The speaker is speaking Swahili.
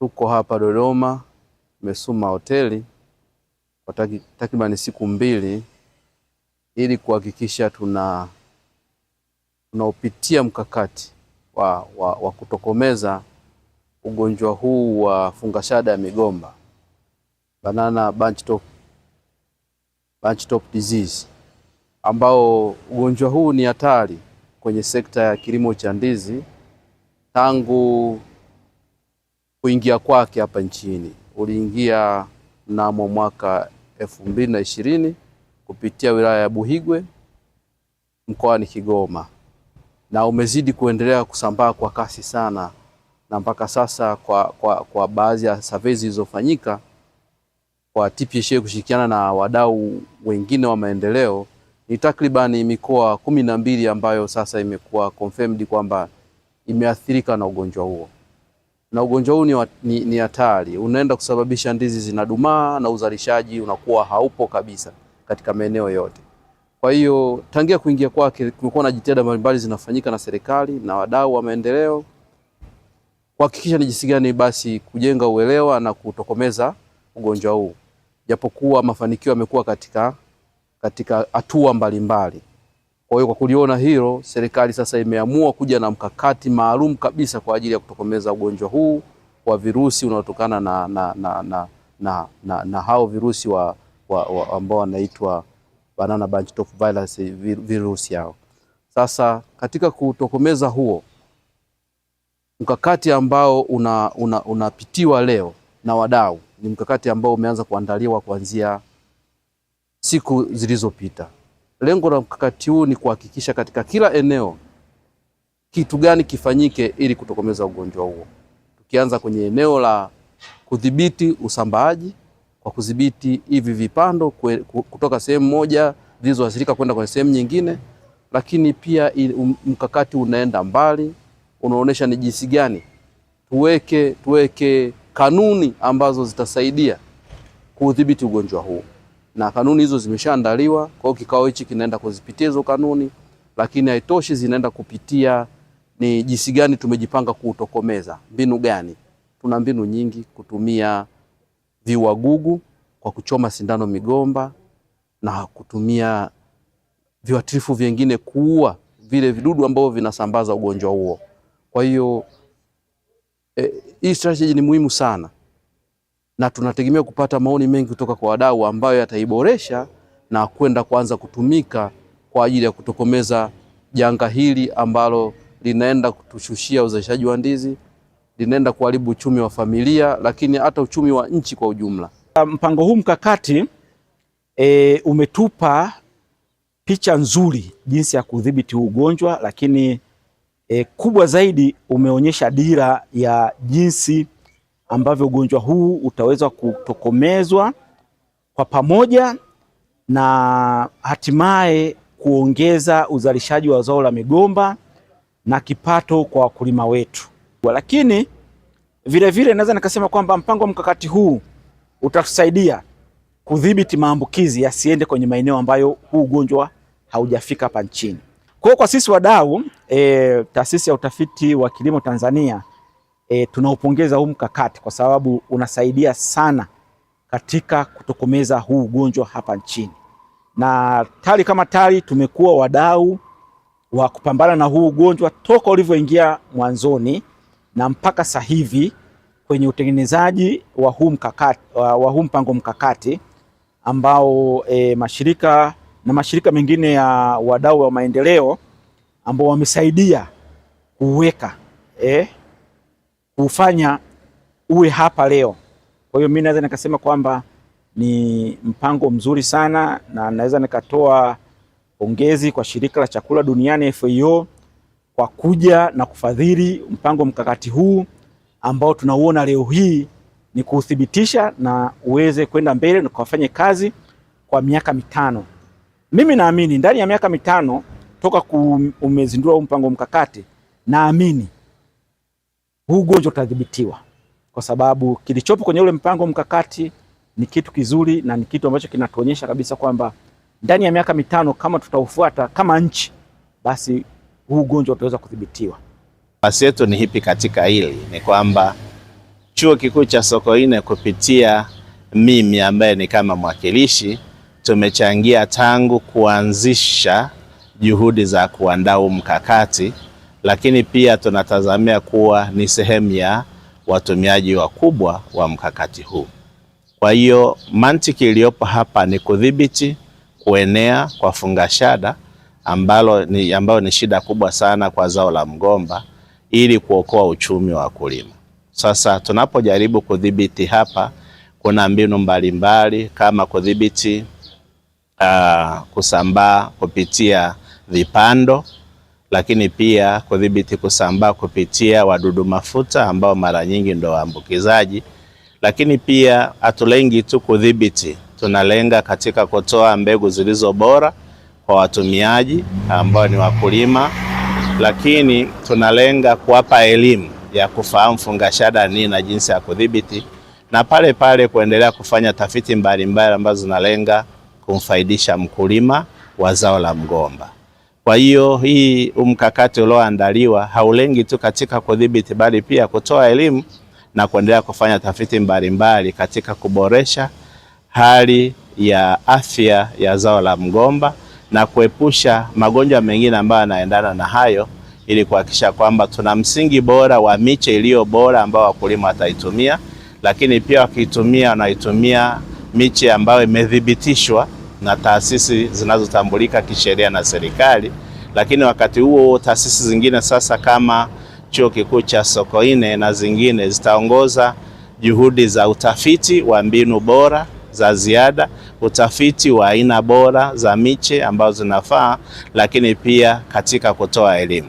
Tuko hapa Dodoma Mesuma hoteli kwa takribani siku mbili ili kuhakikisha tuna tunaupitia mkakati wa, wa, wa kutokomeza ugonjwa huu wa fungashada ya migomba banana bunch top, bunch top disease ambao ugonjwa huu ni hatari kwenye sekta ya kilimo cha ndizi tangu Kuingia kwake hapa nchini, uliingia mnamo mwaka elfu mbili na ishirini kupitia wilaya ya Buhigwe mkoani Kigoma, na umezidi kuendelea kusambaa kwa kasi sana, na mpaka sasa kwa, kwa, kwa baadhi ya surveys zilizofanyika kwa TPHA kushirikiana na wadau wengine wa maendeleo ni takribani mikoa kumi na mbili ambayo sasa imekuwa confirmed kwamba imeathirika na ugonjwa huo na ugonjwa huu ni hatari, unaenda kusababisha ndizi zinadumaa na uzalishaji unakuwa haupo kabisa katika maeneo yote. Kwa hiyo tangia kuingia kwake kumekuwa na jitihada mbalimbali zinafanyika na serikali na wadau wa maendeleo kuhakikisha ni jinsi gani basi kujenga uelewa na kutokomeza ugonjwa huu, japokuwa mafanikio yamekuwa katika katika hatua mbalimbali. Kwa hiyo kwa kuliona hilo, serikali sasa imeamua kuja na mkakati maalum kabisa kwa ajili ya kutokomeza ugonjwa huu wa virusi unaotokana na, na, na, na, na, na, na hao virusi wa, wa, wa ambao wanaitwa banana bunch top virus, virusi hao. Sasa katika kutokomeza huo mkakati ambao unapitiwa una, una leo na wadau ni mkakati ambao umeanza kuandaliwa kuanzia siku zilizopita. Lengo la mkakati huu ni kuhakikisha katika kila eneo kitu gani kifanyike ili kutokomeza ugonjwa huo, tukianza kwenye eneo la kudhibiti usambaaji kwa kudhibiti hivi vipando kwe, kutoka sehemu moja zilizoathirika kwenda kwenye sehemu nyingine, lakini pia um, mkakati unaenda mbali, unaonesha ni jinsi gani tuweke tuweke kanuni ambazo zitasaidia kuudhibiti ugonjwa huu na kanuni hizo zimeshaandaliwa. Kwa hiyo kikao hichi kinaenda kuzipitia hizo kanuni, lakini haitoshi, zinaenda kupitia ni jinsi gani tumejipanga kuutokomeza. Mbinu gani? Tuna mbinu nyingi, kutumia viwagugu kwa kuchoma sindano migomba na kutumia viwatilifu vingine kuua vile vidudu ambavyo vinasambaza ugonjwa huo. Kwa hiyo eh, hii strategy ni muhimu sana na tunategemea kupata maoni mengi kutoka kwa wadau ambayo yataiboresha na kwenda kuanza kutumika kwa ajili ya kutokomeza janga hili ambalo linaenda kutushushia uzalishaji wa ndizi, linaenda kuharibu uchumi wa familia, lakini hata uchumi wa nchi kwa ujumla. Ah, mpango huu mkakati e, umetupa picha nzuri jinsi ya kudhibiti huu ugonjwa, lakini e, kubwa zaidi umeonyesha dira ya jinsi ambavyo ugonjwa huu utaweza kutokomezwa kwa pamoja na hatimaye kuongeza uzalishaji wa zao la migomba na kipato kwa wakulima wetu. Lakini vilevile naweza nikasema kwamba mpango mkakati huu utatusaidia kudhibiti maambukizi yasiende kwenye maeneo ambayo huu ugonjwa haujafika hapa nchini. Kwa hiyo kwa sisi wadau e, taasisi ya utafiti wa kilimo Tanzania e, tunaupongeza huu mkakati kwa sababu unasaidia sana katika kutokomeza huu ugonjwa hapa nchini, na TARI kama TARI tumekuwa wadau wa kupambana na huu ugonjwa toka ulivyoingia mwanzoni na mpaka sasa hivi kwenye utengenezaji wa huu mkakati, wa huu mpango mkakati ambao e, mashirika na mashirika mengine ya wadau wa maendeleo ambao wamesaidia kuweka e, kufanya uwe hapa leo. Kwa hiyo mimi naweza nikasema kwamba ni mpango mzuri sana, na naweza nikatoa pongezi kwa shirika la chakula duniani FAO kwa kuja na kufadhili mpango mkakati huu ambao tunauona leo hii, ni kuuthibitisha na uweze kwenda mbele na kufanya kazi kwa miaka mitano. Mimi naamini ndani ya miaka mitano toka umezindua huu mpango mkakati, naamini huu ugonjwa utadhibitiwa, kwa sababu kilichopo kwenye ule mpango mkakati ni kitu kizuri na ni kitu ambacho kinatuonyesha kabisa kwamba ndani ya miaka mitano kama tutaufuata kama nchi, basi huu ugonjwa utaweza kudhibitiwa. Nafasi yetu ni hipi katika hili? Ni kwamba chuo kikuu cha Sokoine kupitia mimi ambaye ni kama mwakilishi, tumechangia tangu kuanzisha juhudi za kuandaa mkakati lakini pia tunatazamia kuwa ni sehemu ya watumiaji wakubwa wa mkakati huu. Kwa hiyo mantiki iliyopo hapa ni kudhibiti kuenea kwa fungashada ambalo ni, ambayo ni shida kubwa sana kwa zao la mgomba ili kuokoa uchumi wa wakulima. Sasa tunapojaribu kudhibiti hapa, kuna mbinu mbalimbali mbali, kama kudhibiti uh, kusambaa kupitia vipando lakini pia kudhibiti kusambaa kupitia wadudu mafuta ambao mara nyingi ndo waambukizaji, lakini pia hatulengi tu kudhibiti, tunalenga katika kutoa mbegu zilizo bora kwa watumiaji ambao ni wakulima, lakini tunalenga kuwapa elimu ya kufahamu fungashada nini na jinsi ya kudhibiti, na pale pale kuendelea kufanya tafiti mbalimbali ambazo zinalenga kumfaidisha mkulima wa zao la mgomba. Kwa hiyo hii umkakati ulioandaliwa haulengi tu katika kudhibiti, bali pia kutoa elimu na kuendelea kufanya tafiti mbalimbali mbali katika kuboresha hali ya afya ya zao la mgomba na kuepusha magonjwa mengine ambayo yanaendana na hayo ili kuhakikisha kwamba tuna msingi bora wa miche iliyo bora ambayo wakulima wataitumia, lakini pia wakiitumia wanaitumia miche ambayo imethibitishwa na taasisi zinazotambulika kisheria na serikali, lakini wakati huo taasisi zingine sasa kama Chuo Kikuu cha Sokoine na zingine zitaongoza juhudi za utafiti wa mbinu bora za ziada, utafiti wa aina bora za miche ambazo zinafaa, lakini pia katika kutoa elimu.